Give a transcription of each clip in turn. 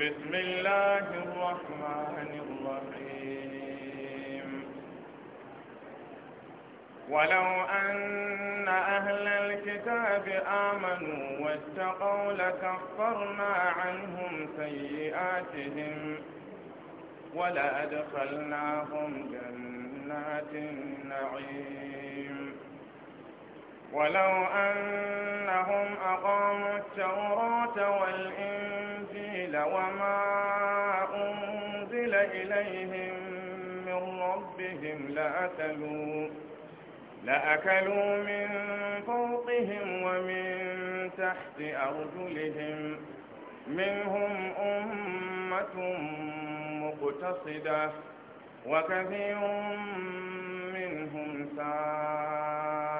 بسم الله الرحمن الرحيم ولو أن أهل الكتاب آمنوا واتقوا لكفرنا عنهم سيئاتهم ولأدخلناهم جنات النعيم ولو أنهم أقاموا التوراة والإنجيل إسرائيل وما أنزل إليهم من ربهم لأكلوا لأكلوا من فوقهم ومن تحت أرجلهم منهم أمة مقتصدة وكثير منهم سائر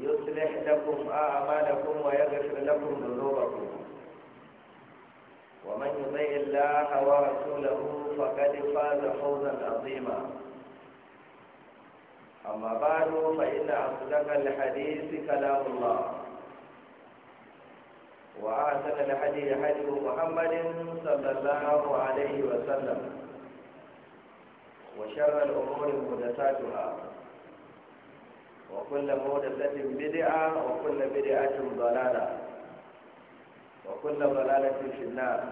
يصلح لكم أعمالكم ويغفر لكم ذنوبكم ومن يطيع الله ورسوله فقد فاز فوزا عظيما أما بعد فإن أصدق الحديث كلام الله وأحسن الحديث حديث محمد صلى الله عليه وسلم وشر الأمور مدساتها وكل مودثة بدعة وكل بدعة ضلالة وكل ضلالة في النار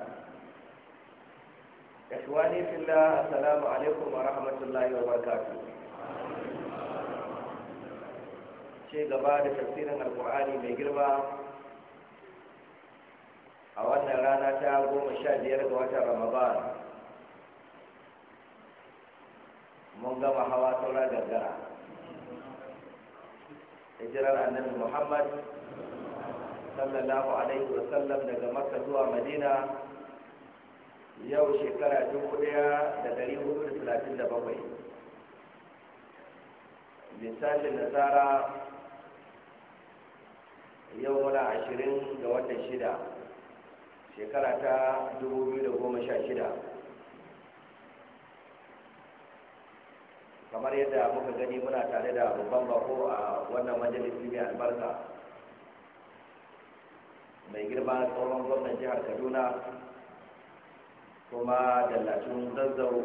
إخواني في الله السلام عليكم ورحمة الله وبركاته شيء غبار تفسير القرآن بجربة a wannan rana ta goma sha biyar ga watan ramadan mun gama hawa saura gargara hijirar annabi muhammad sallallahu alaihi wasallam daga makka zuwa madina yau shekara dubu ɗaya da dari hudu da talatin da bakwai misalin nasara yau muna ashirin ga watan shida shekara ta dubu biyu da goma sha shida kamar yadda muka gani muna tare da babban bako a wannan majalisi mai albarka mai girma tsohon gwamnan jihar kaduna kuma dallacin zazzau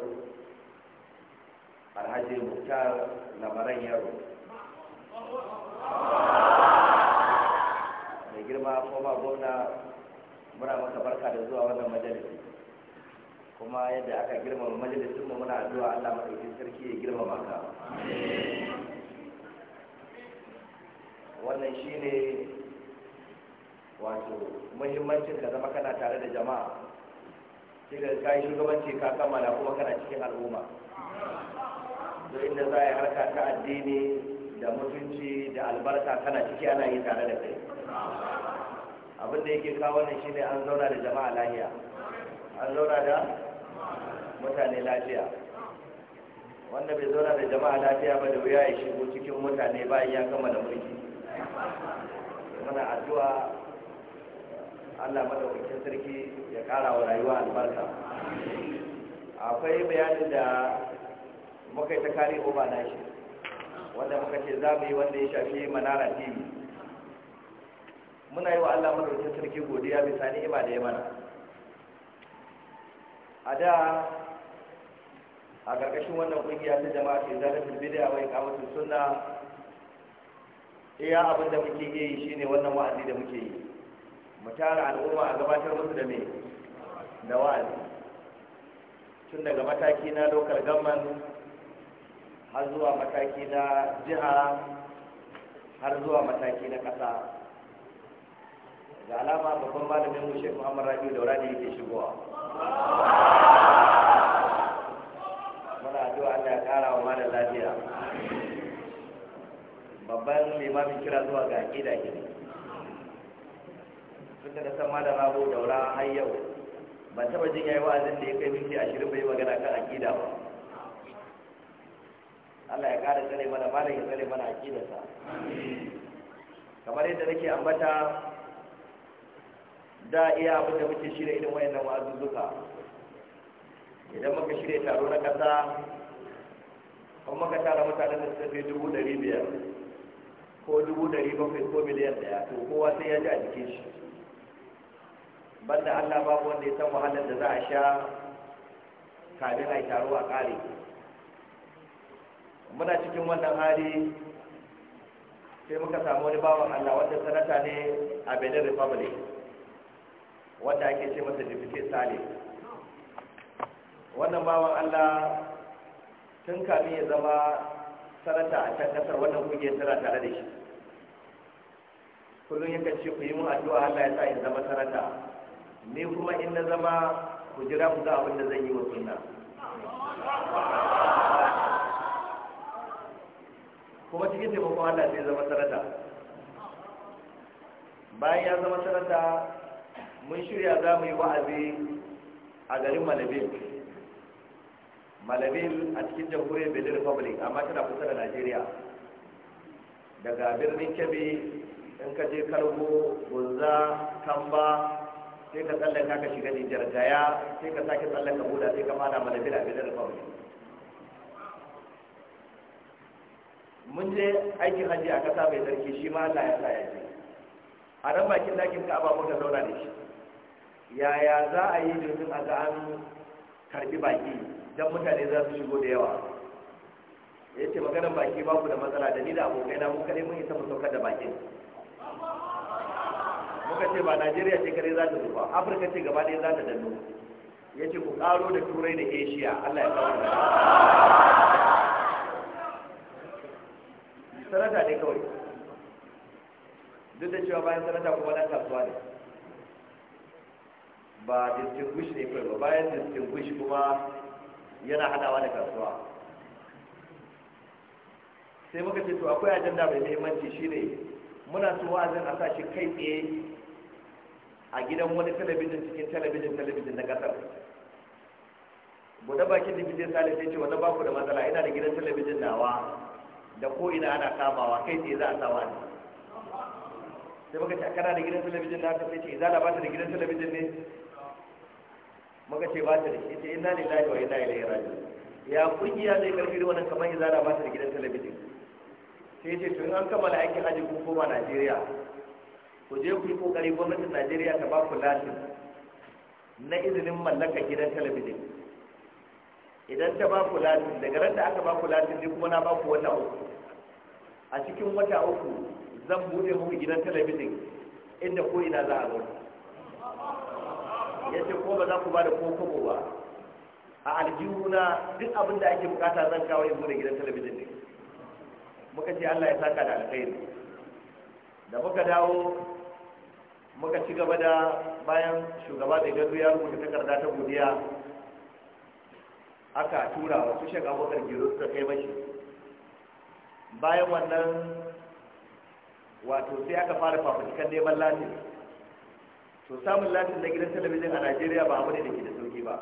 alhaji muktar lamaran yaro mai girma kuma gwamna muna maka barka da zuwa wannan majalisi kuma yadda aka girmama majalisun mu muna addu'a Allah madaukakin sarki ya girmama ka wannan shine wato muhimmancin ka zama kana tare da jama'a kika kai shugabanci ka kammala kuma kana cikin al'umma don inda za a yi harka ta addini da mutunci da albarka kana ciki ana yi tare da kai abin da yake kawo ne shine an zauna da jama'a lahiya an zauna da mutane lafiya wanda bai zauna da jama'a lafiya ba da wuya ya shigo cikin mutane bayan ya gama da mulki muna addu'a Allah madaukakin sarki ya kara wa rayuwa albarka akwai bayanin da muka yi ta kare oba na shi wanda muka ce za mu yi wanda ya shafi manara tv muna yi wa Allah madaukakin sarki godiya bisa ni'ima da ya mana a da a ƙarƙashin wannan ƙungiya ta jama'a ke zalafin bidiya wai kamusin suna iya abin da muke yi shine wannan wa'azi da muke yi mu tara al'umma a gabatar musu da me da wa'azi tun daga mataki na lokal gamman har zuwa mataki na jiha har zuwa mataki na ƙasa ga alama babban malamin mu shekaru amurrabi daura da yake shigowa muna addu'a Allah ya kara wa malam lafiya babban limamin kira zuwa ga aƙida ke tun da san malam rabu daura har yau ban taɓa jin yayi wa'azin da ya kai minti ashirin bai magana kan aƙida ba Allah ya kara tsare mana malam ya tsare mana aƙidarsa kamar yadda nake ambata da iya abin da muke shirya irin wayannan wa'azuzzuka idan muka shirya taro na kasa, kuma muka tara mutanen da suka kai dubu ɗari biyar ko dubu ɗari bakwai ko miliyan ɗaya to kowa sai ya ji a jikin shi banda allah babu wanda ya san wahalar da za a sha kafin a yi taro a ƙare muna cikin wannan hali sai muka samu wani bawan allah wanda sanata ne a benin republic wanda ake ce masa jifike sale wannan bawan allah tun kafin ya zama sanata a can kasar wannan kungiyar tara tare da shi kullum yakan ce ku yi mun addu'a allah ya sa in zama sanata ni kuma in na zama ku jira ku za abin da zan yi wa sunna kuma cikin taimakon allah sai zama sanata bayan ya zama sanata mun shirya za mu yi wa'azi a garin malabil malabil a cikin jamhuriyar benin republic amma tana kusa da najeriya daga birnin kebe in ka je kargo gunza kamba sai ka tsallaka ka shiga nijar gaya sai ka sake tsallaka buda sai ka fada malabil a benin republic mun je aikin hajji a kasa mai sarki shi ma allah ya sa ya je a nan bakin dakin ka'aba muka zauna da shi yaya za a yi domin a ga an karbi baki don mutane za su shigo da yawa ya ce maganar baki ba ku da matsala da ni da abokai na mun kare mun isa mu saukar da bakin muka ce ba najeriya ce kare za ta zo ba afirka ce gaba ɗaya za ta danno ya ce ku ƙaro da turai da asia allah ya kawo da sanata ne kawai duk da cewa bayan sanata kuma dan kasuwa ne ba distinguish ne kai ba bayan distinguish kuma yana hadawa da kasuwa sai muka ce to akwai ajanda mai muhimmanci shine muna so wa'azin a sa shi kai tsaye a gidan wani talabijin cikin talabijin talabijin na kasar bude bakin da bijin salif ya ce wanda ba ku da matsala ina da gidan talabijin nawa da ko ina ana kamawa kai tsaye za a sa wa'azi sai muka ce kana da gidan talabijin da aka sai ce izala ba ta da gidan talabijin ne muka ce ba ta da shi ce inna lillahi wa inna ilaihi raji'un ya kungiya zai karfi da wannan kamar izala ba ta da gidan talabijin sai ce to in an kammala aikin hajji kun koma Najeriya ku je ku yi kokari gwamnatin Najeriya ta ba ku lasin na izinin mallakar gidan talabijin idan ta ba ku lasin daga ran da aka ba ku lasin ne kuma na ba ku wata uku a cikin wata uku zan buɗe muku gidan talabijin inda ko ina za a zo ya ce ko ba za ku ba da kokobo ba a aljihuna duk abin da ake bukata zan kawo in bude gidan talabijin ne muka ce allah ya saka da alkhairi da muka dawo muka ci gaba da bayan shugaba da gado ya rubuta takarda ta godiya aka tura wasu shek abokar gero suka kai mashi bayan wannan wato sai aka fara fafutukan neman latin to samun latin na gidan talabijin a najeriya ba abu ne da ke da sauki ba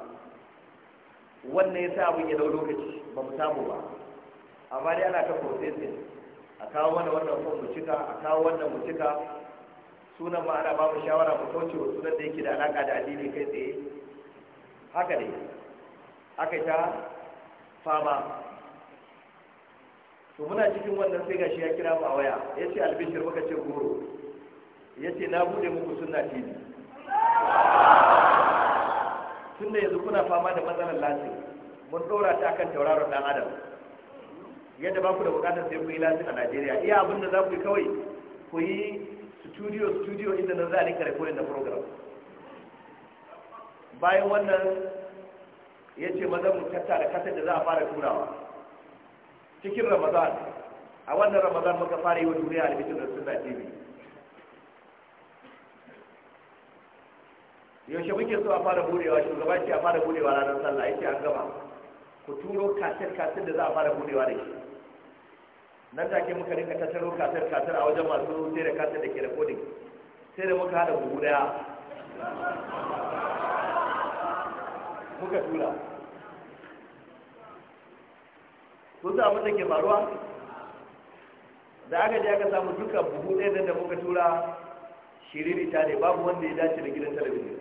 wannan ya sa abin ya dau lokaci ba mu samu ba amma dai ana ta processing a kawo wannan wannan kuma mu cika a kawo wannan mu cika sunan ma ana ba mu shawara mu kauce wa sunan da yake da alaka da addini kai tsaye haka ne aka ta fama to muna cikin wannan sai gashi ya kira mu a waya ya ce albishir muka ce goro ya ce na bude muku sunna tv tun da yanzu kuna fama da matsalar lasin mun ɗora ta kan tauraron ɗan adam yadda ba ku da bukatar sai ku yi lasin a najeriya iya abin da za ku yi kawai ku yi studio studio inda na za a rika rikodin da program bayan wannan ya ce maza mu tattara kasar da za a fara turawa cikin ramadan a wannan ramadan muka fara yi wa duniya albitin da suna tv yaushe muke so a fara budewa shugaba ce a fara budewa ranar sallah yake an gama ku turo kasir kasir da za a fara budewa da shi nan da ke muka rinka tattaro kasir kasir a wajen masu sai da kasir da ke rekodin sai da muka hada buhu daya muka tura Kun za abin da ke faruwa da aka je aka samu duka buhu ɗaya da muka tura shiriri ta ne babu wanda ya dace da gidan talabijin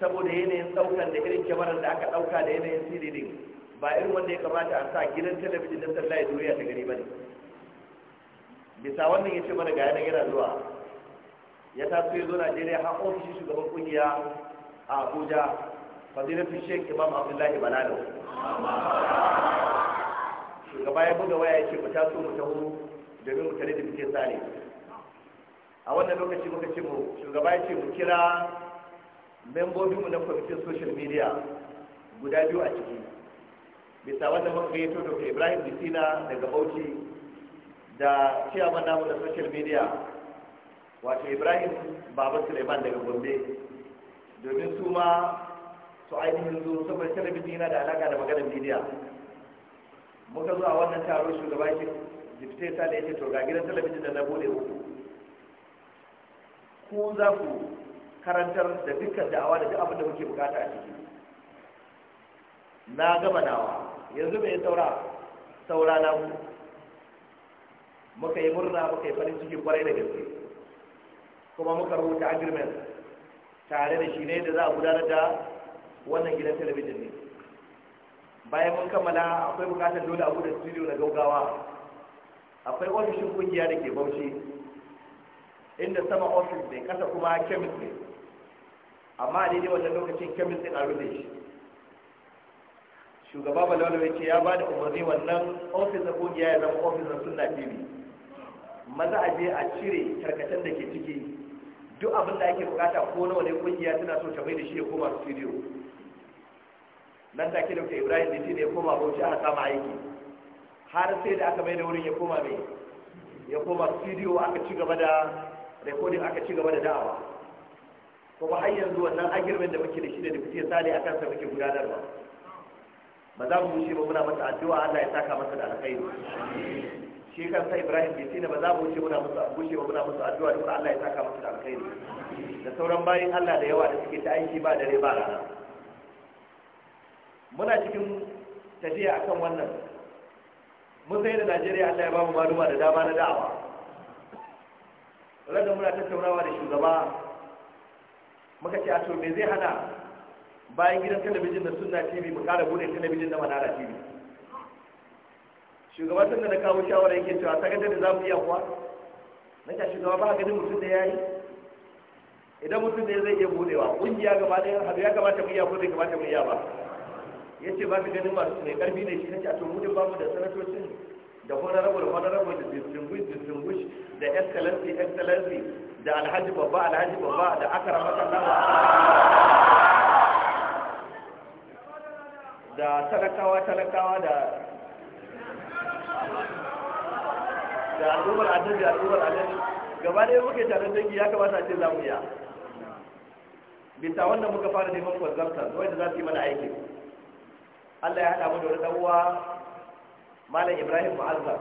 saboda yanayin ɗaukar da irin kyamarar da aka ɗauka da yanayin siririn ba irin wanda ya kamata a sa gidan talabijin don tallaye duniya ta gari ba ne bisa wannan ya ce mana ga yanayin yana zuwa ya taso ya zo najeriya har ofishin shugaban kungiya a abuja fadilatu shek imam abdullahi balalo shugaba ya buga waya ya ce mu taso mu taho domin mu tare da muke tsare a wannan lokaci muka ce mu shugaba ya ce mu kira membobinmu na kwamitin social media guda biyu a ciki bisa wannan muka gayyato dr ibrahim bisina daga bauchi da ciyaman namu na social media wato ibrahim baba suleiman daga gombe domin su ma su ainihin zo saboda talabijin yana da alaka da maganar media muka zuwa wannan taron shugaba ke jifte sa da yake to ga gidan talabijin da na bude uku, ku za ku karantar da dukkan da'awa da duk abin da muke bukata a ciki na gama nawa yanzu mai saura saura na ku muka yi murna muka yi farin ciki kwarai da gaske kuma muka rubuta agreement tare da shi ne da za a gudanar da wannan gidan talabijin ne bayan mun kammala akwai bukatar dole abu da studio na gaugawa akwai ofishin kungiya da ke bauchi inda sama ofis ne kasa kuma kemis ne amma daidai wajen lokacin kemis din a rufe shi shugaba balawala ce ya ba da umarni wannan ofis na kungiya ya zama ofis na sunna tv maza a je a cire tarkacen da ke ciki duk abin da ake bukata ko nawa ne kungiya tana so ta mai da shi ya koma studio nan ke da ibrahim da ne ya koma bauchi aka kama aiki har sai da aka mai da wurin ya koma mai ya koma studio aka ci gaba da recording aka ci gaba da da'awa kuma har yanzu wannan agreement da muke da shi da dukkan sale akan sa muke gudanarwa ba za mu wuce ba muna masa addu'a Allah ya saka masa da alkhairi shi kansa Ibrahim bai Tina ba za mu wuce muna masa wuce ba muna masa addu'a da Allah ya saka masa da alkhairi da sauran bayin Allah da yawa da suke ta aiki ba dare ba rana muna cikin tafiya akan wannan mun sai da najeriya allah ya bamu maluma da dama na da'awa ranar muna tattaunawa da shugaba muka ce a to me zai hana bayan gidan talabijin da sunna tv mu kara bude talabijin na manara tv shugaba sun da kawo shawara yake cewa ta da za mu iya kuwa na ta shugaba ba ganin mutum da ya yi idan mutum da zai iya budewa kungiya gaba ɗaya hadu ya kamata mu iya ko bai kamata mu iya ba ya ce ba su ganin masu mai karfi ne shi kace a tumu da ba mu da sanatocin da honorable honorable da distinguish distinguish da excellency excellency da alhaji babba alhaji babba da akara masallawa da talakawa talakawa da da al'ummar adadi al'ummar adadi gaba ɗaya muke tare dangi ya kamata a ce za mu ya bisa wannan muka fara neman kwanzarta wanda za su yi mana aiki Allah ya haɗa mu da wani ɗan uwa Malam Ibrahim Mu'azzam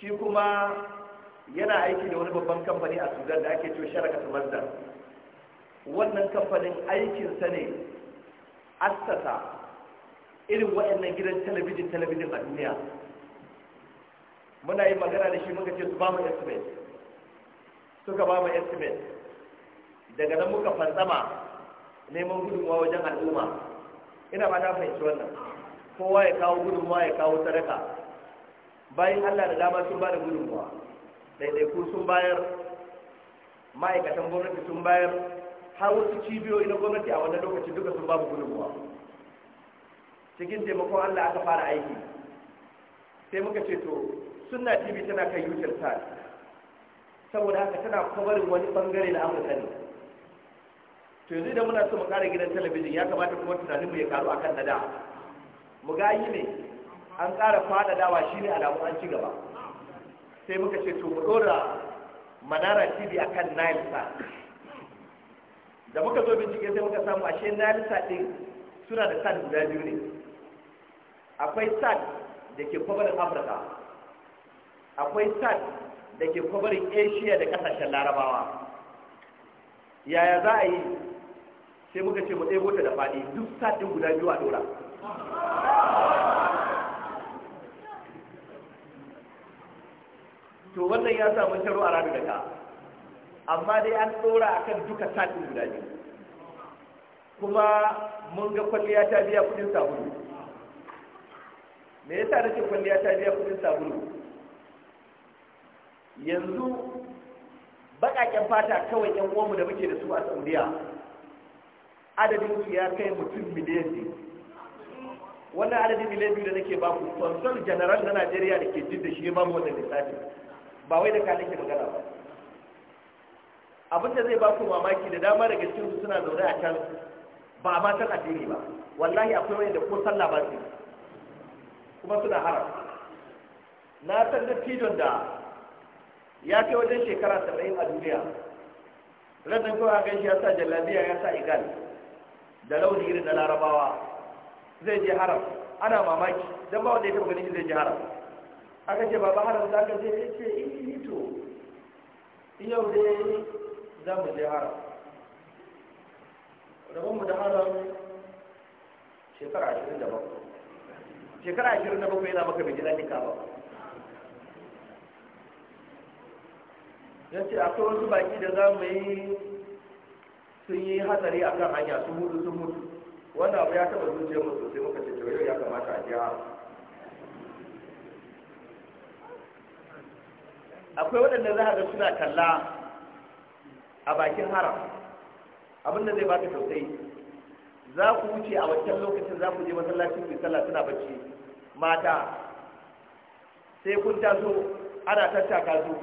shi kuma yana aiki da wani babban kamfani a Sudan da ake cewa Sharaka Mazda wannan kamfanin aikinsa ne assasa irin waɗannan gidan talabijin talabijin a duniya muna yi magana da shi muka ce su ba mu estimate suka ba mu estimate daga nan muka fantsama neman gudunmawa wajen al'umma ina ba ta fahimci wannan kowa ya kawo gudunmuwa ya kawo sadaka bayan allah da dama sun ba da gudunmuwa ɗaiɗaiku sun bayar ma'aikatan gwamnati sun bayar har wasu cibiyoyi na gwamnati a wannan lokacin duka sun babu gudunmuwa cikin taimakon allah aka fara aiki sai muka ce to sunna tv tana kai kan yutar e. saboda haka tana kwabarin wani bangare na amurka ne to yanzu idan muna so mu kare gidan talabijin ya kamata kuma tunanin mu ya karu akan na da mu ga yi ne an tsara fada dawa shine alamu an ci gaba sai muka ce to mu dora manara tv akan nile sa da muka zo bincike sai muka samu ashe nile sa ɗin suna da sad guda biyu ne akwai sad da ke kwabarin afirka akwai sat da ke kwabarin asia da ƙasashen larabawa yaya za a yi sai muka ce mu ɗebo ta da faɗi duk satin guda biyu a ɗora to wannan ya samu taro a ranar daga amma dai an ɗora a kan duka satin guda biyu kuma mun ga kwalliya ta biya kuɗin sabulu me yasa nake kwalliya ta biya kuɗin sabulu yanzu baƙaƙen fata kawai 'yan uwanmu da muke da su a saudiya adadin ki ya kai mutum miliyan ne. wannan adadin miliyan biyu da nake ba ku consul general na najeriya da ke jidda shi ba mu wannan lissafi ba wai da ka nake magana ba abinda zai ba ku mamaki da dama daga cikin su suna zaune a can ba a matan addini ba wallahi akwai wani da ko sallah ba su kuma suna haram na san dattijon da ya kai wajen shekara 70 a duniya rannan kawai a gaishe ya sa jallabiya ya sa igal da launi irin na larabawa zai je haram ana mamaki don ba wanda ya taba ganin zai je haram aka ce ba haram za ka je ya ce eh, in to yau dai za mu je haram mu da haram shekara ashirin da bakwai shekara ashirin da bakwai yana maka bai jira nika ba ya ce akwai wasu baki da za mu yi sun yi hatsari a kan hanya sun mutu sun mutu wanda abu ya taba zuciyar mu sosai muka ce yau ya kamata a jiya akwai waɗanda za a ga suna kalla a bakin haram abinda zai baka tausayi za ku wuce a wancan lokacin za ku je masallacin ku sallah suna bacci mata sai kun taso ana tattaka su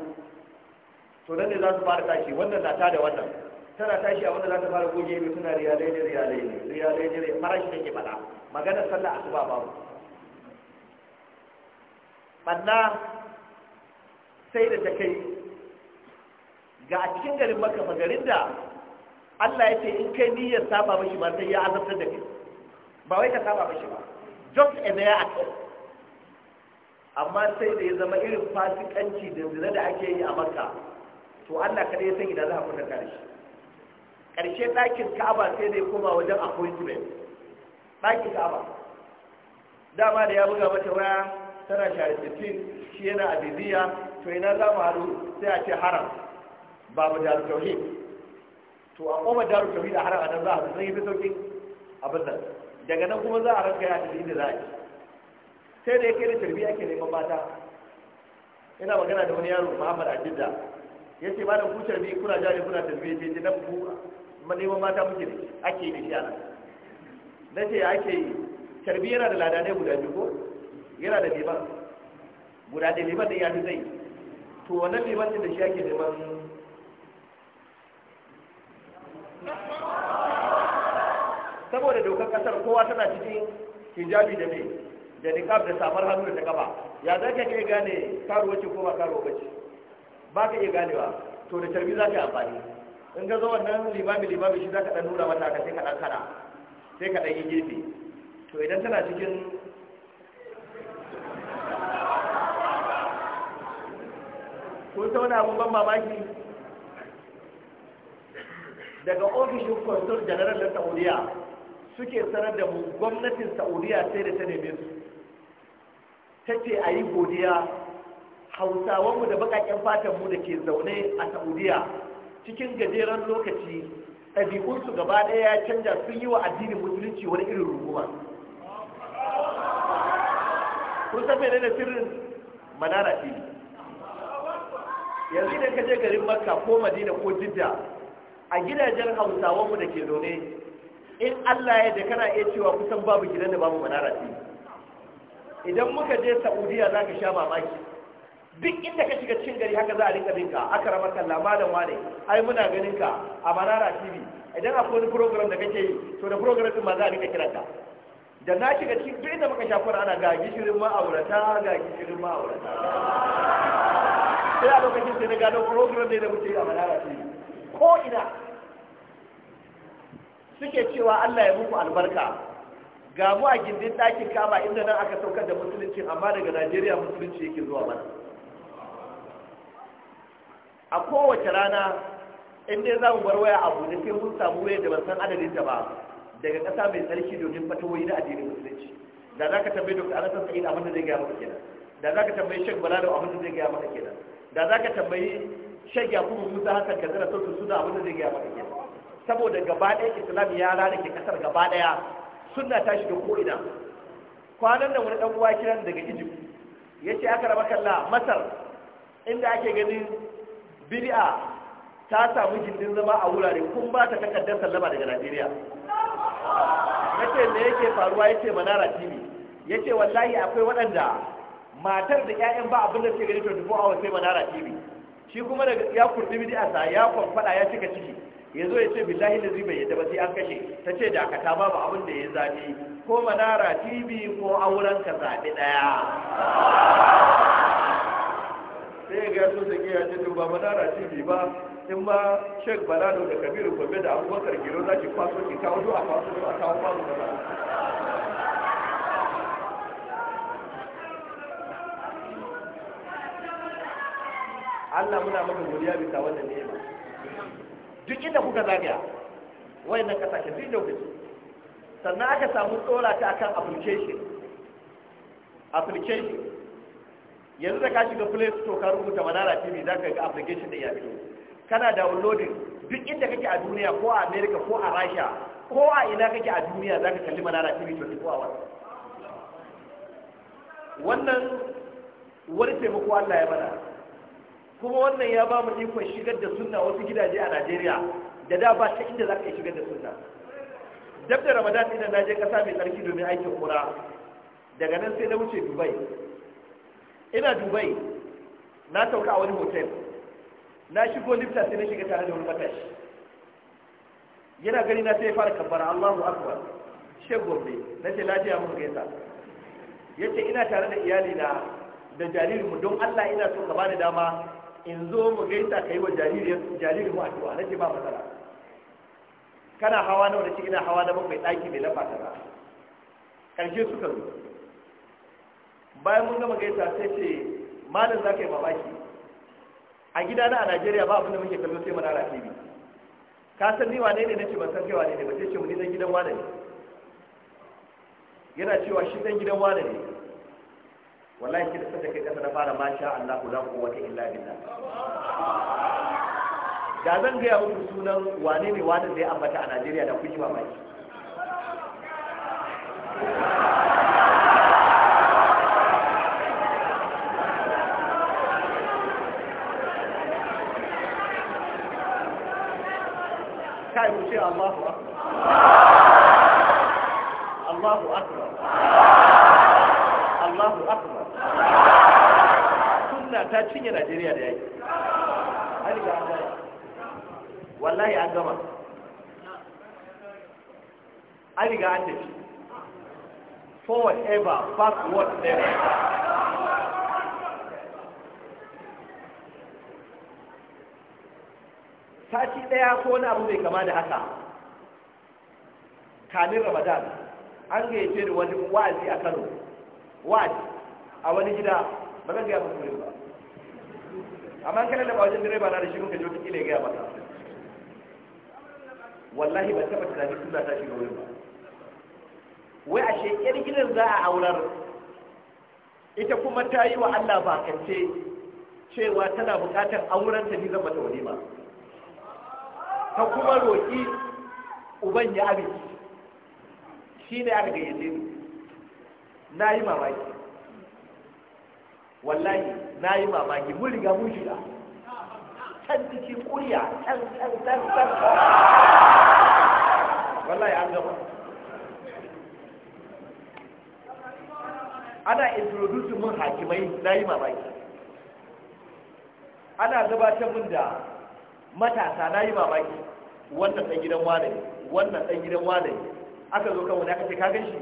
to nan ne za su fara tashi wannan na ta da wannan tana tashi abinda za ta fara goge mai suna riyalai ne riyalai ne riyalai ne farashi take faɗa magana sallah asuba babu banna sai da ta kai ga a cikin garin maka fa garin da Allah ya ce in kai niyyar saba mashi ba sai ya azabtar da kai ba wai ka saba mashi ba just a mere at all amma sai da ya zama irin fasikanci da zina da ake yi a makka to Allah kada ya san idan za a kunta kare shi ƙarshe ɗakin ka'aba sai dai koma wajen appointment ɗakin ka'aba dama da ya buga mata waya tana share sittin shi yana a bibiya to ina za mu haɗu sai a ce haram babu daru tauhi to a koma daru tauhi a haram a nan za a zai sun yi fi sauƙin abin nan daga nan kuma za a ranka ya tafi inda za a yi sai da ya kai da tarbiyya ke neman mata ina magana da wani yaro muhammad a ya ce malam ku tarbi kuna jari kuna tarbiyya ce na ku neman mata muke da ake da shi ana na ce ake yi tarbi yana da lada ne guda biyu ko yana da liman guda da liman da ya fi zai to wannan liman da shi ake neman saboda dokar kasar kowa tana cikin hijabi da ne da niqab da samar hannu da ta kafa ya za ka iya gane karuwa ce ko ba karuwa ba ce ba ka iya ganewa to da tarbi za ka yi amfani in ga zo wannan limami limami shi za ka ɗan nuna mata ka sai ka ɗan kana sai ka ɗan yi gefe to idan tana cikin kun ta wani abubuwan ban mamaki daga ofishin consul general na saudiya suke sanar da mu gwamnatin saudiya sai da ta neme su ta ce a yi godiya hausawanmu da baƙaƙen fatanmu da ke zaune a saudiya cikin gajeren lokaci ɗabi'unsu gaba ɗaya ya canja sun yi wa addinin musulunci wani irin ruguwa kun san mene sirrin manara ɗini yanzu idan ka je garin makka ko madina ko jidda a gidajen hausawanmu da ke zaune in allah ya da kana iya cewa kusan babu gidan da babu manara idan muka je saudiya za ka sha mamaki duk inda ka shiga cikin gari haka za a rinka binka aka rama kalla malam wane ai muna ganin ka a manara tv idan akwai wani program da kake yi to da program din ma za a rinka kiran ka da na shiga cikin duk inda muka shafi ana ga gishirin ma'aurata ga gishirin ma'aurata sai a lokacin sai na gano program ne da muke yi a manara tv ko ina suke cewa Allah ya muku albarka ga mu a gindin ɗakin kama inda nan aka saukar da musulunci amma daga najeriya musulunci yake zuwa mana a kowace rana in dai za mu bar waya abu da sai mun samu waya da ban san adadin ta ba daga ƙasa mai tsarki domin fatawoyi na addinin musulunci da za ka tambayi dokta anasan sa'id abin da zai gaya maka kenan da za ka tambayi shek balado abin da zai gaya maka kenan da za ka tambayi shek yakubu musa hasan ka zara sautin suna abin da zai gaya maka kenan saboda gaba ɗaya islam ya ke ƙasar gaba ɗaya suna ta shiga ko'ina kwanan nan wani ɗan uwa kiran daga egypt ya ce aka raba kalla masar inda ake ganin bid'a ta samu gindin zama a wurare kun ba ta takardar sallama daga Najeriya yace me yake faruwa yace Manara TV yace wallahi akwai waɗanda matar da ƴaƴan ba abin da suke gani 24 hours sai Manara TV shi kuma da ya kurdi bid'a sa ya kwafada ya cika ciki yazo yace billahi lazi bai yadda ba sai an kashe tace da aka ta babu abin da ya zabi ko Manara TV ko auren ka zabi daya ya so sake ya ce to ba madara bi ba in ma shek balado da kabiru gobe da abubakar gero za ki kwaso ki kawo zuwa kwaso a kawo kwaso ba. Allah muna maka godiya bisa wannan ni'ima duk inda kuka zagaya wayannan kasashe duk inda kuka sannan aka samu tsora ta akan application application yanzu da ka shiga play store ka rubuta manara tv za ka ga application da ya fito kana downloading duk inda kake a duniya ko a america ko a russia ko a ina kake a duniya za ka kalli manara tv 24 hours wannan wani taimako allah ya mana kuma wannan ya ba mu ikon shigar da sunna wasu gidaje a najeriya da da ba ta inda za ka shigar da sunna dab da ramadan ina na je kasa mai tsarki domin aikin kura daga nan sai na wuce dubai ina dubai na sauka a wani hotel na shigo lifta sai na shiga tare da wani matashi yana gani na sai fara kabbara allahu akbar shi gobe na ce lafiya muka gaisa ya ce ina tare da iyali na da jaririnmu don allah ina so ka bani dama in zo mu gaisa ka yi wa jaririnmu tuwa na ce ba matsala kana hawa na wani ce ina hawa na bakwai ɗaki mai lafa ƙarshe suka zo bayan mun gama gaisa sai ce malam za ka yi mamaki a gida na a najeriya ba abinda muke kallo sai manara tv ka san ni wane ne ce ban san kai wane ne ba sai ce muni ni dan gidan wane ne yana cewa shi dan gidan wane ne wallahi ki da sanda kai kasa na fara ma sha Allah zaku wata illa billah da zan gaya muku sunan wane ne wane da ya ambata a Najeriya da kuji mamaki ce Allahu Akbar Allahu Akbar Allahu Akbar ta cinye Najeriya da wallahi an gama ever backward never sati ɗaya ko wani abu mai kama da haka kamin ramadan an gayyace da wani wa'azi a kano wa'azi a wani gida ba zan gaya muku ba amma kana da wajen direba na da shi kuka jokin ile gaya maka wallahi ban taɓa tunanin suna ta shiga wurin ba wai a yar gidan za a aurar ita kuma ta yi wa Allah bakance cewa tana bukatar auren ta ni ta wani ba? ta kuma roƙi uban ya abinci shi ne aka gayyace ni na yi mamaki wallahi na yi mamaki mun riga mun shiga can cikin ƙuriya can can can can wallahi an gama ana introduce mun hakimai na yi mamaki ana gabatar mun da matasa na yi mamaki wannan ɗan gidan wane ne wannan ɗan gidan wane ne aka zo kan wani aka ce ka shi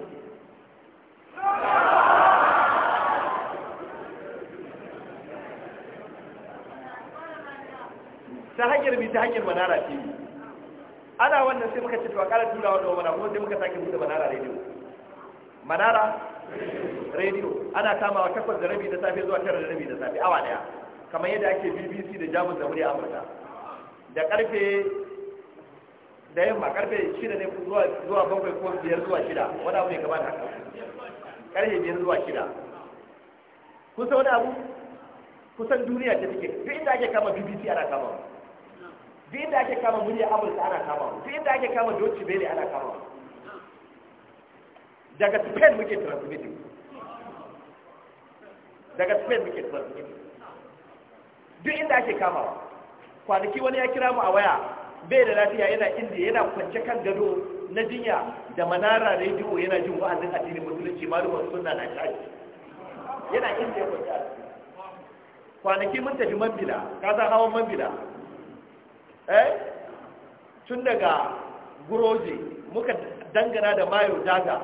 ta hanyar bi ta hanyar manara ce ana wannan sai muka ce to a ƙara tura wanda mana kuma sai muka sake buɗe manara rediyo manara rediyo ana kamawa takwas da rabi da safe zuwa tara da rabi da safe awa daya kamar yadda ake bbc da jamus da murya amurka da karfe da yamma karfe shida ne zuwa bakwai ko biyar zuwa shida wani abu gaba da haka karfe biyar zuwa shida kusa wani abu kusan duniya ta take duk inda ake kama bbc ana kama duk inda ake kama murya amurka ana kama duk inda ake kama doci bele ana kama daga spain muke transmitting daga spain muke transmitting duk inda ake kama kwanaki wani ya kira mu a waya bai da lafiya yana indiya yana kwance kan gado na jinya da manara rediyo yana jin wa'azin addini musulunci malumar sunna na shaji yana indiya kwance kwanaki mun tafi mambila ka san hawa mambila eh tun daga guroje muka dangana da mayo daga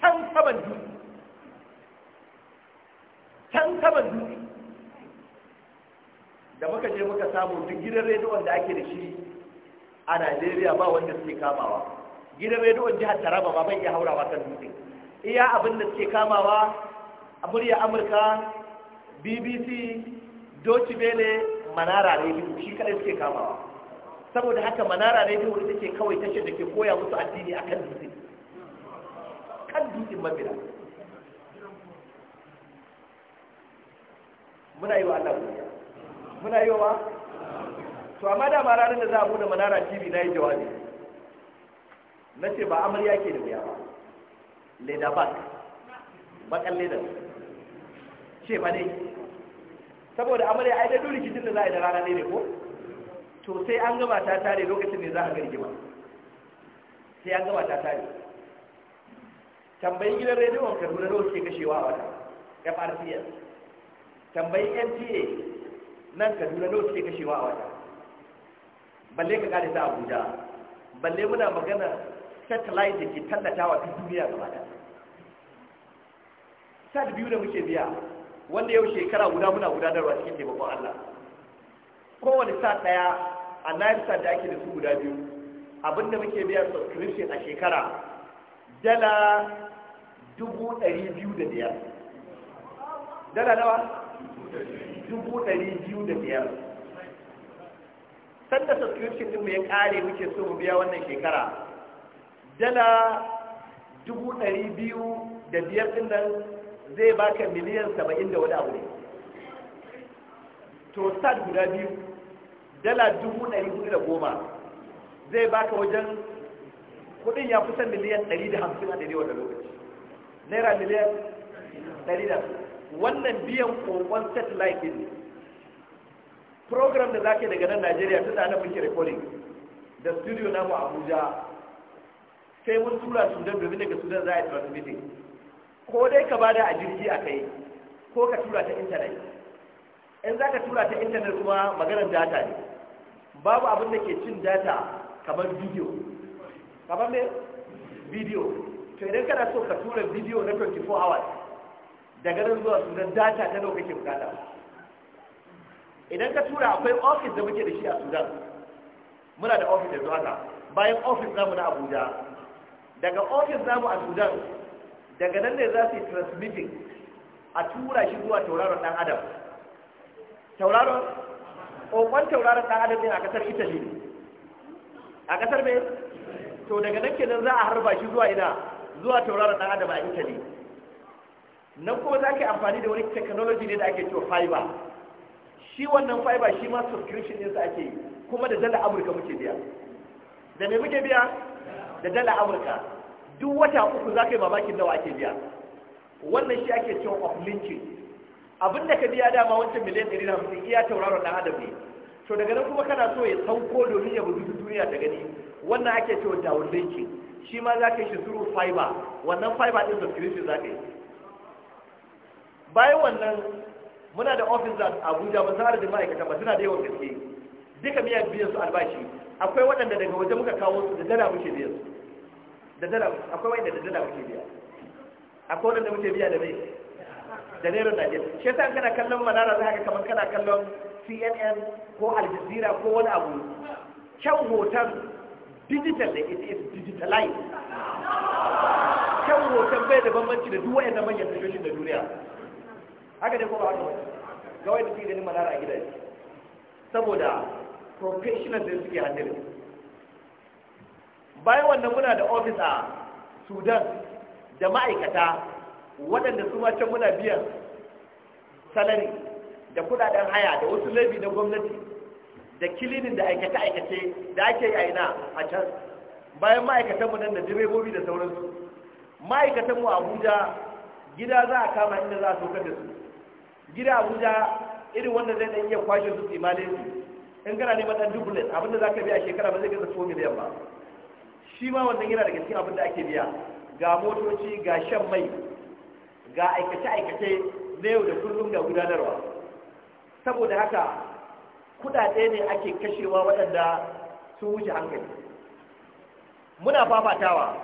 can saman dutse can saman dutse da muka je muka samu duk gidan rediyon da ake da shi a najeriya ba wanda suke kamawa gidan rediyon jihar taraba ba bai iya haurawa kan dutse iya abin da suke kamawa a murya amurka bbc doci bele manara rediyo shi kadai suke kamawa saboda haka manara rediyo ita ce kawai tashar da ke koya musu addini a kan dutse kan dutsen mabira muna yi wa allah muna yi wa to amma da ranar da za a bude manara tv na yi jawabi na ce ba amarya ke da wuya ba leda bak bakan leda ce ba dai saboda amarya ai da duri kitin da za a yi da rana ne ko to sai an gama ta tare lokacin ne za a gargima sai an gama ta tare tambayi gidan rediyon kaduna nawa suke kashewa a wata frcs tambayi nta nan kaduna nawa suke kashewa a wata balle ka kare ta abuja balle muna magana satellite da ke tallata wa ta duniya gaba da biyu da muke biya wanda yau shekara guda muna gudanarwa cikin taimakon allah kowane sa daya a nine sa da ake da su guda biyu abinda muke biya subscription a shekara dala dubu ɗari biyu da biyar dala nawa dubu ɗari biyu da biyar sanda subscription ɗin ya ƙare muke so mu biya wannan shekara dala dubu ɗari biyu da biyar ɗin nan zai baka miliyan saba'in da wani abu ne to sad guda biyu dala dubu ɗari hudu da goma zai baka wajen kuɗin ya kusan miliyan ɗari da hamsin a ɗari wata lokaci naira miliyan ɗari da hamsin wannan biyan kokon satellite ne program da zake daga nan Najeriya tun da muke recording da studio namu Abuja sai mun tura Sudan domin daga Sudan za a yi transmitting ko dai ka bada a jirgi a kai ko ka tura ta intanet in za ka tura ta intanet kuma maganar data ne babu abin da ke cin data kamar video kamar ne bidiyo to idan kana so ka tura bidiyo na 24 hours daga nan zuwa sudan data ta nawa kake bukata idan ka tura akwai ofis da muke da shi a sudan muna da ofis yanzu haka bayan ofis namu na abuja daga ofis namu a sudan daga nan ne za su yi transmitting a tura shi zuwa tauraron dan adam tauraron ƙoƙon tauraron dan adam ne a ƙasar italy a ƙasar mai to daga nan kenan za a harba shi zuwa ina zuwa tauraron dan adam a italy nan kuma za ka yi amfani da wani technology ne da ake cewa fiber shi wannan fiber shi ma subscription ɗinsa ake yi kuma da dala amurka muke biya da me muke biya da dala amurka duk wata uku za ka yi mamakin nawa ake biya wannan shi ake cewa of linking abin da ka biya dama wancan miliyan ɗari na hamsin iya tauraron ɗan adam ne to daga nan kuma kana so ya sauko domin ya buzu duniya ta gani wannan ake cewa down linking shi ma za ka yi shi through fiber wannan fiber ɗin subscription za ka yi bayan wannan muna da ofis da abuja ba tsara da ma'aikata ba suna da yawan gaske duka miya biyan su albashi akwai waɗanda daga waje muka kawo su da dala muke biyan su da dala akwai waɗanda da dala muke biya akwai waɗanda muke biya da mai da naira jiya shi yasa kana kallon manara za ka kamar kana kallon cnn ko al jazeera ko wani abu kyan hoton digital da it is digitalized kyan hoton bai da bambanci da duk waɗanda manyan tashoshin da duniya haka dai ko ba haka ga wanda ke ganin manara a gidaje saboda professional da suke handle bayan wannan muna da ofis a Sudan da ma'aikata waɗanda su ma can muna biyan salari da kudaden haya da wasu laifi na gwamnati da kilinin da aikace-aikace da ake yi na a can bayan ma'aikatanmu nan da direbobi da sauransu ma'aikatanmu abuja gida za a kama inda za a saukar da su gida abuja irin wanda zai dan iya kwashe su imalin su in kana neman dan duplex abinda za ka biya shekara ba zai gaza 2 miliyan ba shi ma wannan yana daga cikin abinda ake biya ga motoci ga shan mai ga aikace-aikace na yau da kullum ga gudanarwa saboda haka kudade ne ake kashewa waɗanda sun wuce hankali muna fafatawa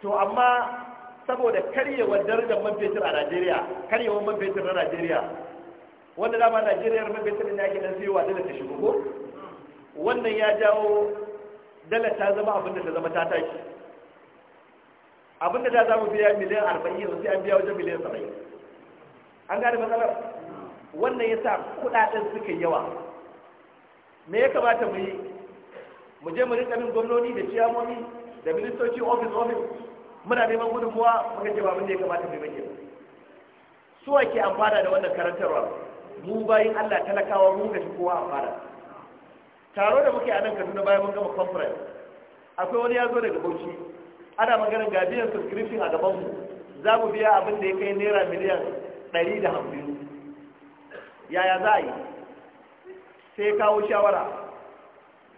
to amma saboda karyewar darajar man fetur a Najeriya karyewar man fetur na Najeriya wanda dama Najeriya man fetur ne ake dan sayowa dala ta shigo ko wannan ya jawo dala ta zama abin da ta zama ta tashi abin da ta zama biya miliyan arba'in yanzu sai an biya wajen miliyan 70 an gane matsalar wannan ya sa kuɗaɗen suka yawa me ya kamata mu yi mu je mu rika bin gwamnoni da ciyamomi da ministoci ofis ofis muna neman gudunmuwa muka ce ba da ya kamata mai mace su ake amfana da wannan karantarwa mu bayin Allah talakawa mu ga kowa amfana taro da muke a nan Kaduna bayan mun gama conference akwai wani ya zo daga Bauchi ana maganar ga biyan subscription a gaban mu za mu biya abin da ya kai naira miliyan ɗari da yaya za a yi sai kawo shawara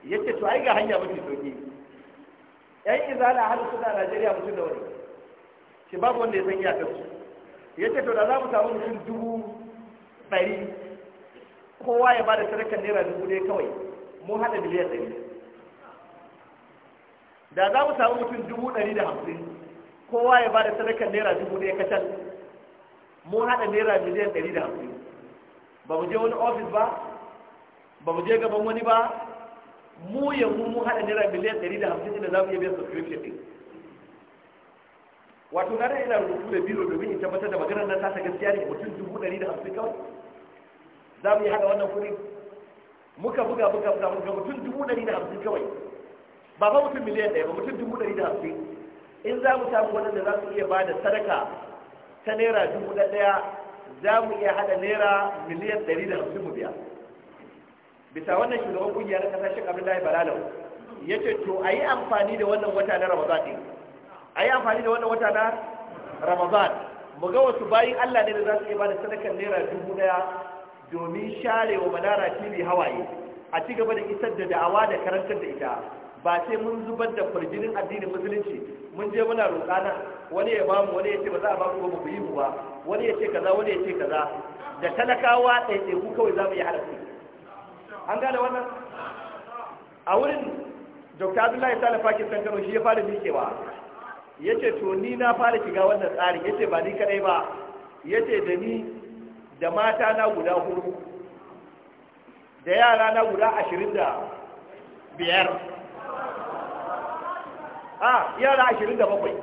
yadda to ai ga hanya mafi sauki yan izala hadu suna a Najeriya mutum da wani shi babu wanda ya san iyakar su yace to da za mu samu mutum dubu ɗari kowa ya ba da sadakar naira dubu ɗaya kawai mun hada miliyan ɗari da za mu samu mutum dubu ɗari da hamsin kowa ya ba da sadakar naira dubu ɗaya kacal mun hada naira miliyan ɗari da hamsin ba mu je wani ofis ba ba mu je gaban wani ba mu mu mu haɗa naira miliyan ɗari da hamsin da za mu iya biyan subscription ɗin wato na ina rubutu da biro domin in tabbatar da maganar nan tasa gaskiya ne mutum dubu ɗari da hamsin kawai za mu iya haɗa wannan kuɗi muka buga buga buga buga mutum dubu ɗari da hamsin kawai ba ba mutum miliyan ɗaya ba mutum dubu ɗari da hamsin in za mu samu waɗanda za su iya ba da sadaka ta naira dubu ɗaya za mu iya haɗa naira miliyan ɗari da hamsin mu biya bisa wannan shugaban kungiya na kasa shi abdullahi balalau ya ce to a yi amfani da wannan wata na ramazan ɗin a yi amfani da wannan wata na ramazan mu ga wasu bayin allah ne da za su iya bada sadakar naira dubu daya domin share wa manara tv hawaye a ci gaba da isar da da'awa da karantar da ita ba sai mun zubar da farjinin addinin musulunci mun je muna roƙana wani ya bamu wani ya ce ba za a bamu ba mu yi mu ba wani ya ce kaza wani ya ce kaza da talakawa ɗaiɗaiku kawai za mu yi halatta an gane wannan a wurin dr abdullahi sale pakistan kano shi ya fara mikewa ya ce to ni na fara shiga wannan tsarin ya ce ba ni kadai ba ya ce da ni da mata na guda huru? da yara na guda ashirin da biyar a yara ashirin da bakwai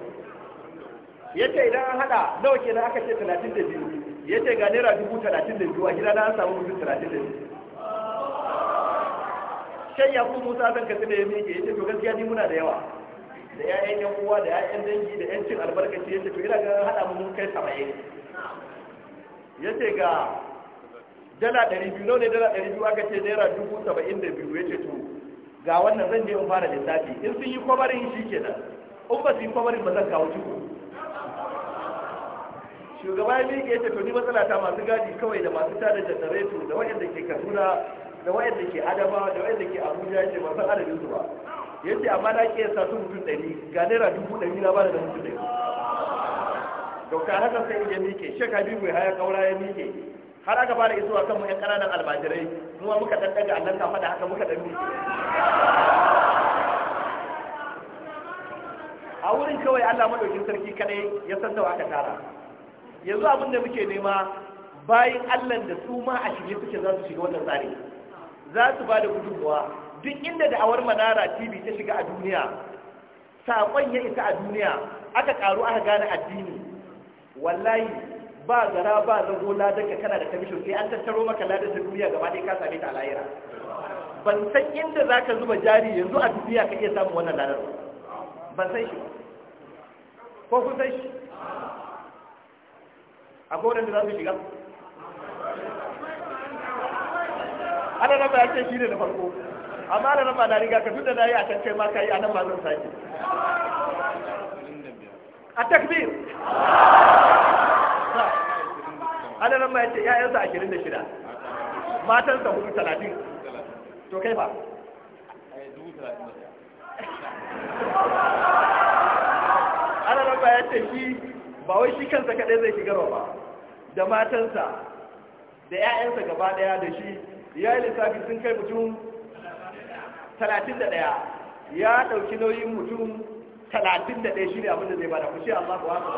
ya ce idan an hada nawa kenan aka ce talatin da biyu ya ce ga naira dubu talatin da biyu a gida na an samu mutum talatin da biyu can yaku musa zan kasi da ya miƙe ya ce to gaskiya ni muna da yawa da 'ya'yan yan uwa da 'ya'yan dangi da 'yan cin albarkaci ya ce to ina ganin haɗa mu mun kai saba'in ya ce ga dala ɗari biyu nau ne dala ɗari biyu aka ce naira dubu saba'in da biyu ya ce to ga wannan zan je in fara lissafi in sun yi kwabarin shi kenan in ba su yi kwabarin ba zan kawo ciko shugaba ya miƙe ya ce to ni matsala ta masu gadi kawai da masu tada janareto da waɗanda ke kaduna da wayanda ke Adama, da wayanda ke abuja yake ba san adadin su ba yace amma na ke sa su mutum ɗari ga naira dubu ɗari na ba da mutum ɗari dokta haka sai ya mike shek habibu ya haya kaura ya mike har aka fara isuwa kan mu 'yan ƙananan almajirai kuma muka ɗan ɗaga allon kafa da haka muka ɗan mike a wurin kawai allah maɗaukin sarki kaɗai ya san da aka tara yanzu abin da muke nema bayan allah da su ma a shirye suke za su shiga wannan tsari za su ba da gudunmuwa duk inda awar manara tv ta shiga a duniya saƙon ya isa a duniya aka ƙaru aka gane addini wallahi ba gara ba zago ladarka kana da kamishin sai an tattaro maka ladar ta duniya gaba ɗaya ka same ta a ban san inda za ka zuba jari yanzu a duniya ka iya samun wannan ladar ban san shi ko kun san shi akwai da za su shiga ana ba ya ce shi ne na farko amma ana raba na riga ka tunda na yi a can kai ma ka yi a nan ma zan sake a takbir ana raba ya ce ‘ya'yansa ashirin da shida matansa hudu talatin to kai ba ana ba ya ce shi ba wai shi kansa kaɗai zai shigarwa ba da matansa da ‘ya'yansa gaba ɗaya da shi ya yi lissafi sun kai mutum talatin da ya ɗauki nauyin mutum talatin da shi ne abinda zai bada kushe Allah ku haka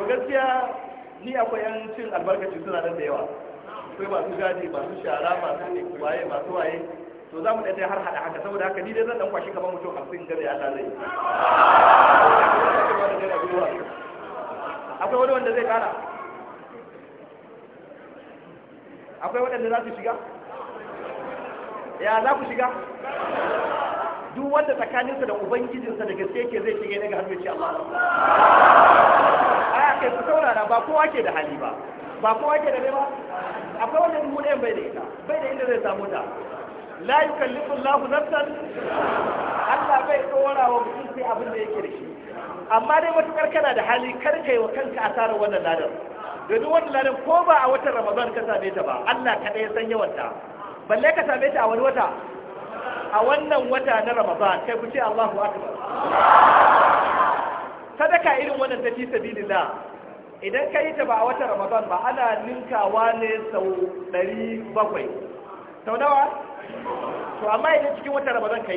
ba gaskiya ni akwai yan cin albarkacin suna nan da yawa akwai masu gadi masu shara masu waye masu waye to za mu ɗaya har haɗa haka saboda haka ni dai zan ɗan kwashi kamar mutum hamsin game Allah zai akwai wani wanda zai ƙara akwai waɗanda za su shiga ya za ku shiga duk wanda tsakaninsa da ubangijinsa da gaske ke zai shiga daga hannu ce Allah a kai ku saurara ba kowa ke da hali ba ba kowa ke da ba akwai wanda mu ɗayan bai da ita bai da inda zai samu ta la yukallifu Allahu nafsan Allah bai tsora wa mutum sai abin da yake da shi amma dai matukar kana da hali kar kai wa kanka asarar wannan ladar domin wannan ladan ko ba a watan ramadan ka same ta ba Allah kaɗai ya san yawanta balle ka same ta a wani wata a wannan wata na ramadan kai ku ce Allahu akbar sadaka irin wannan ta fi sabilillah idan ka yi ta ba a watan ramadan ba ana ninkawa ne sau ɗari bakwai. sau nawa? to amma idan cikin watan ramadan ka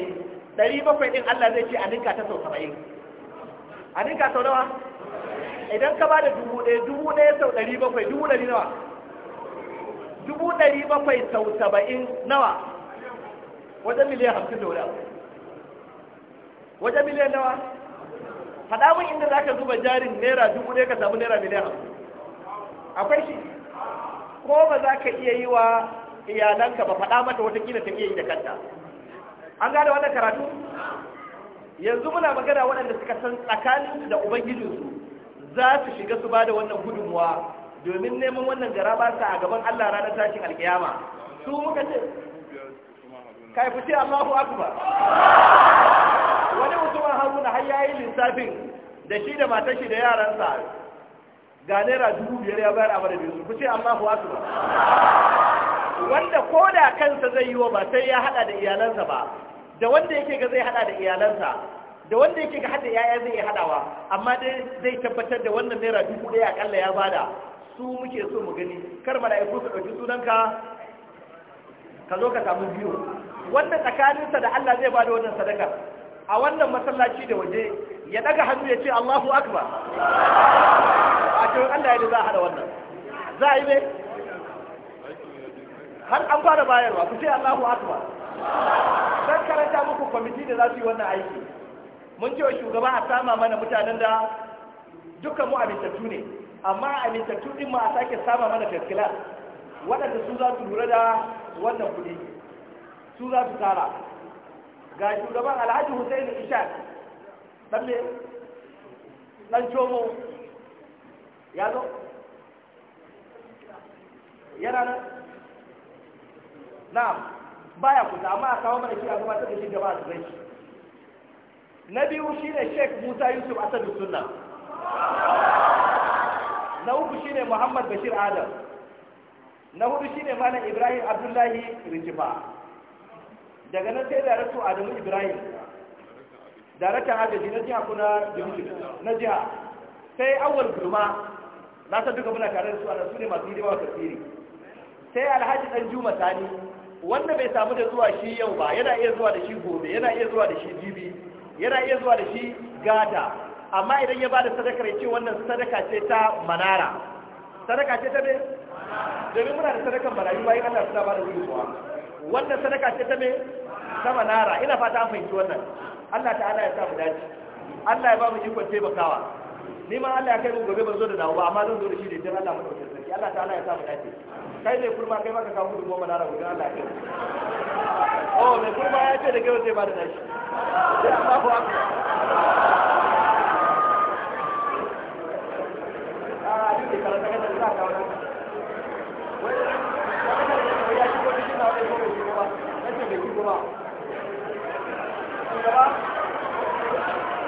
yi bakwai ɗin allah zai ce a ninka ta sau 70 a ninka sau nawa? idan ka ba da dubu ɗaya dubu ɗaya sau ɗari bakwai dubu ɗari nawa dubu ɗari bakwai sau saba'in nawa wajen miliyan hamsin da wuri wajen miliyan nawa faɗa mun inda za ka zuba jarin naira dubu ɗaya ka samu naira miliyan hamsin akwai shi ko ba za ka iya yi wa iyalanka ba faɗa mata watakila ta iya yi da kanta an gane wannan karatu yanzu muna magana waɗanda suka san tsakaninsu da ubangijinsu za su shiga su bada wannan gudunmuwa domin neman wannan gara ba a gaban Allah ranar tashin alkiyama su muka ce kai fice ku akbar wani an Haruna har yayi lissafin da shi da matar shi da yaransa ga naira dubu biyar ya bayar a madadin su fice ku akbar wanda ko da kansa zai yi wa ba sai ya hada da iyalansa ba da wanda yake ga zai hada da iyalansa da wanda yake ga hada yaya zai iya hadawa amma dai zai tabbatar da wannan naira dubu ɗaya akalla ya bada su muke so mu gani kar mala'iku su ɗauki sunanka ka zo ka samu biyu wanda tsakaninsa da Allah zai bada wannan sadaka a wannan masallaci da waje ya daga hannu ya ce Allahu akbar a cikin Allah ya za a hada wannan za a yi ne har an fara bayarwa ku ce Allahu akbar Dan karanta muku kwamiti da za su yi wannan aiki mun ce wa shugaba a sama mana mutanen da dukkan mu amintattu ne amma amintattu din ma a sake sama mana taskila waɗanda su za su lura da wannan kuɗi su za su tara ga shugaban alhaji hussein ishaq ɗan ne ɗan como ya zo yana nan na'am baya kusa amma a kawo mana shi a gabatar da shi gaba a shi. na biyu ne Sheik Musa Yusuf Asadu suna na uku ne Muhammad Bashir Adam na hudu ne Malam Ibrahim Abdullahi rijima daga nan sai Darakto Adamu Ibrahim Daraktan Agaji na jiha kuna na jiha sai Awal Gurma na san duka muna tare da su a su ne masu hidima wa tafsiri sai Alhaji Dan Juma Sani wanda bai samu da zuwa shi yau ba yana iya zuwa da shi gobe yana iya zuwa da shi jibi yana iya zuwa da shi gada amma idan ya ba da sadakar ya ce wannan sadaka ce ta manara sadaka ce ta ne domin muna da sadakan marayu bayan allah suna ba da gudunmuwa wannan sadaka ce ta me ta manara ina fata an fahimci wannan allah ta'ala ya sa mu dace allah ya ba mu ikon taimakawa ni ma allah ya kai mu gobe ban zo da dawo ba amma zan zo da shi da idan allah mu ɗauke sarki allah ta'ala ya sa mu dace kai ne kurma kai maka samu dubu goma nara gudun Allah oh mai kurma ya ce da kai wace ba da nashi sai amma ku haka ah, ya ko